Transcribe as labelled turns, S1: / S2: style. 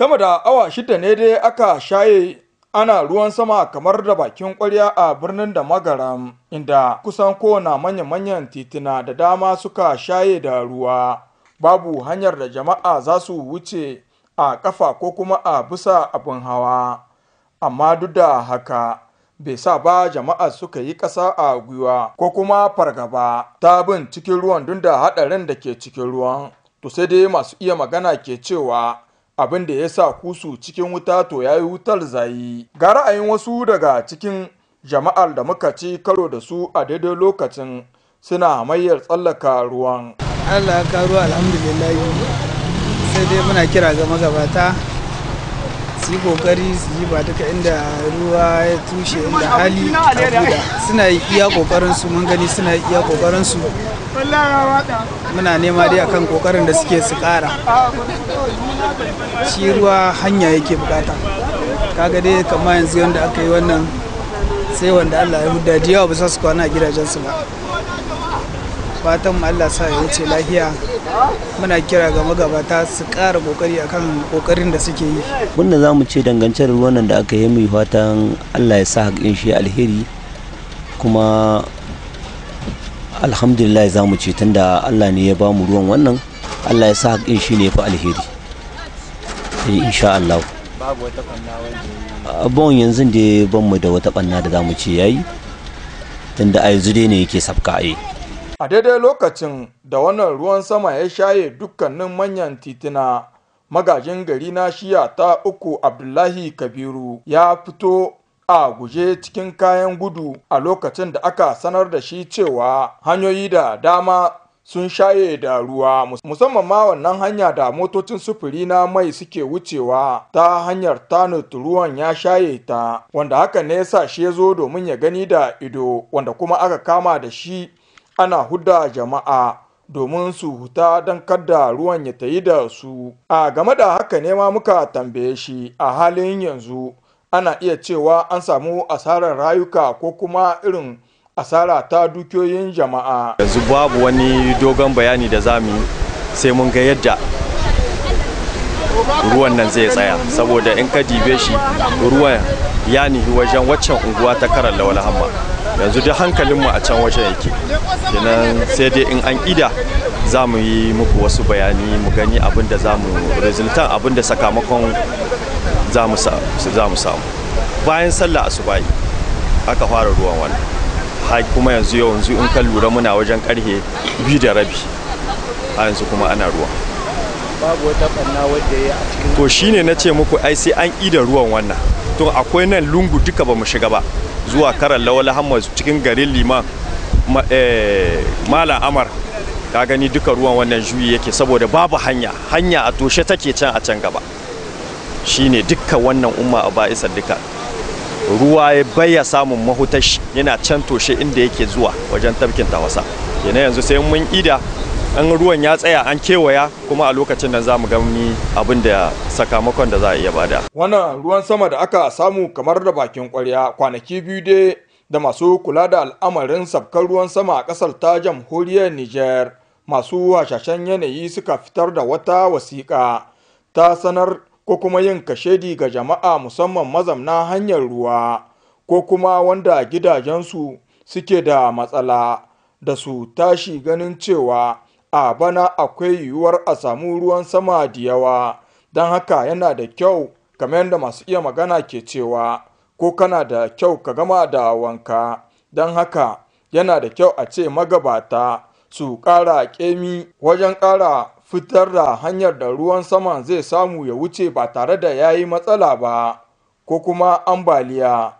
S1: sama da awa shida ne dai aka shaye ana ruwan sama kamar da bakin kwarya a birnin da magaram inda kusan kowane manya-manyan titina da dama suka shaye da ruwa babu hanyar da jama'a za su wuce a kafa ko kuma a bisa abin hawa amma duk da haka bai sa ba jama'a suka yi ƙasa a gwiwa ko kuma fargaba ta bin cikin ruwan dun da haɗarin da ke cikin ruwan to sai dai masu iya magana ke cewa abin da ya sa kusu cikin wuta to ya yi wutar zayi ga ra'ayin wasu daga cikin jama'ar da muka ci karo da su a daidai lokacin suna hamayyar
S2: tsallaka ruwan allah ya karo alhamdulillah sai dai muna kira ga magabata su yi kokari su yi ba duka inda ruwa ya tushe inda hali a suna yi iya kokarin su mun gani suna yi iya kokarin su muna nema dai akan kokarin da suke su kara shi ruwa hanya yake bukata kaga dai kamar yanzu yadda aka yi wannan sai wanda Allah ya hudda da yawa ba su kwana a gidajensu ba fatan mu Allah sa ya wuce lafiya muna kira ga magabata su kara kokari akan kokarin da suke yi wanda za mu ce dangance da ruwan da aka yi mai fatan Allah ya sa haƙin shi alheri kuma alhamdulillah za mu ce tunda Allah ne ya ba mu ruwan wannan Allah ya sa haƙin shi ne fa alheri eh, insha Allah babu wata abon yanzu da ban mu da wata banna da za mu ce yayi tunda a yanzu ne yake sabka a
S1: a daidai lokacin da wannan ruwan sama ya shaye dukkanin manyan tituna. magajin gari na shiya ta uku abdullahi kabiru ya fito a guje cikin kayan gudu a lokacin da aka sanar da shi cewa hanyoyi da dama sun shaye da ruwa musamman ma wannan hanya da motocin sufuri na mai suke wucewa ta hanyar tanut ruwan ya shaye ta wanda haka ne ya sa shi ya zo domin ya gani da ido wanda kuma aka kama da shi ana hudda jama'a domin su huta don kada ruwan ya tayi da su a game da haka ne ma muka tambaye shi a halin yanzu ana iya cewa an samu asarar rayuka ko kuma irin asara ta dukiyoyin jama'a
S3: yanzu babu wani dogon bayani da za sai mun ga yadda ruwan nan zai tsaya saboda in ka dibe shi ruwan ya nihi wajen waccan unguwa ta karar lawal hamma yanzu da hankalinmu a can wajen yake kenan sai dai in an ƙida za mu yi muku wasu bayani mu gani abin da za mu rezultan abin da sakamakon za mu samu bayan sallah asubahi aka fara ruwan wannan har kuma yanzu yanzu in ka lura muna wajen karhe biyu da rabi a yanzu kuma ana ruwa babu wata banna wadda ya a cikin to shine na ce muku ai sai an ƙida ruwan wannan to akwai nan lungu duka ba mu shiga ba zuwa karan lawala hamas cikin garin liman eh, mala amar ka gani duka ruwan wannan juyi yake saboda babu hanya hanya a toshe take can a can gaba shine duka wannan umma a ba'isa duka ruwa ya baya samun mahutashi yana can toshe inda yake zuwa wajen tafkin tawasa yana yanzu sai mun ida an ruwan ya tsaya an kewaya kuma a lokacin da za mu gani abin da sakamakon da za a iya bada.
S1: Wannan ruwan sama da aka samu kamar da bakin kwarya kwanaki biyu dai da masu kula da al'amarin sabkar ruwan sama a ƙasar ta jamhuriyar Nijar masu hashashen yanayi suka fitar da wata wasiƙa ta sanar ko kuma yin kashedi ga jama'a musamman mazamna hanyar ruwa ko kuma wanda gidajensu suke da matsala da su tashi ganin cewa a bana akwai yiwuwar a samu ruwan sama da yawa don haka yana da kyau kamar yadda masu iya magana ke cewa ko kana da kyau ka gama da wanka don haka yana da kyau a ce magabata su ƙara ƙemi wajen ƙara fitar da hanyar da ruwan sama zai samu ya wuce ba tare da ya yi matsala ba ko kuma ambaliya.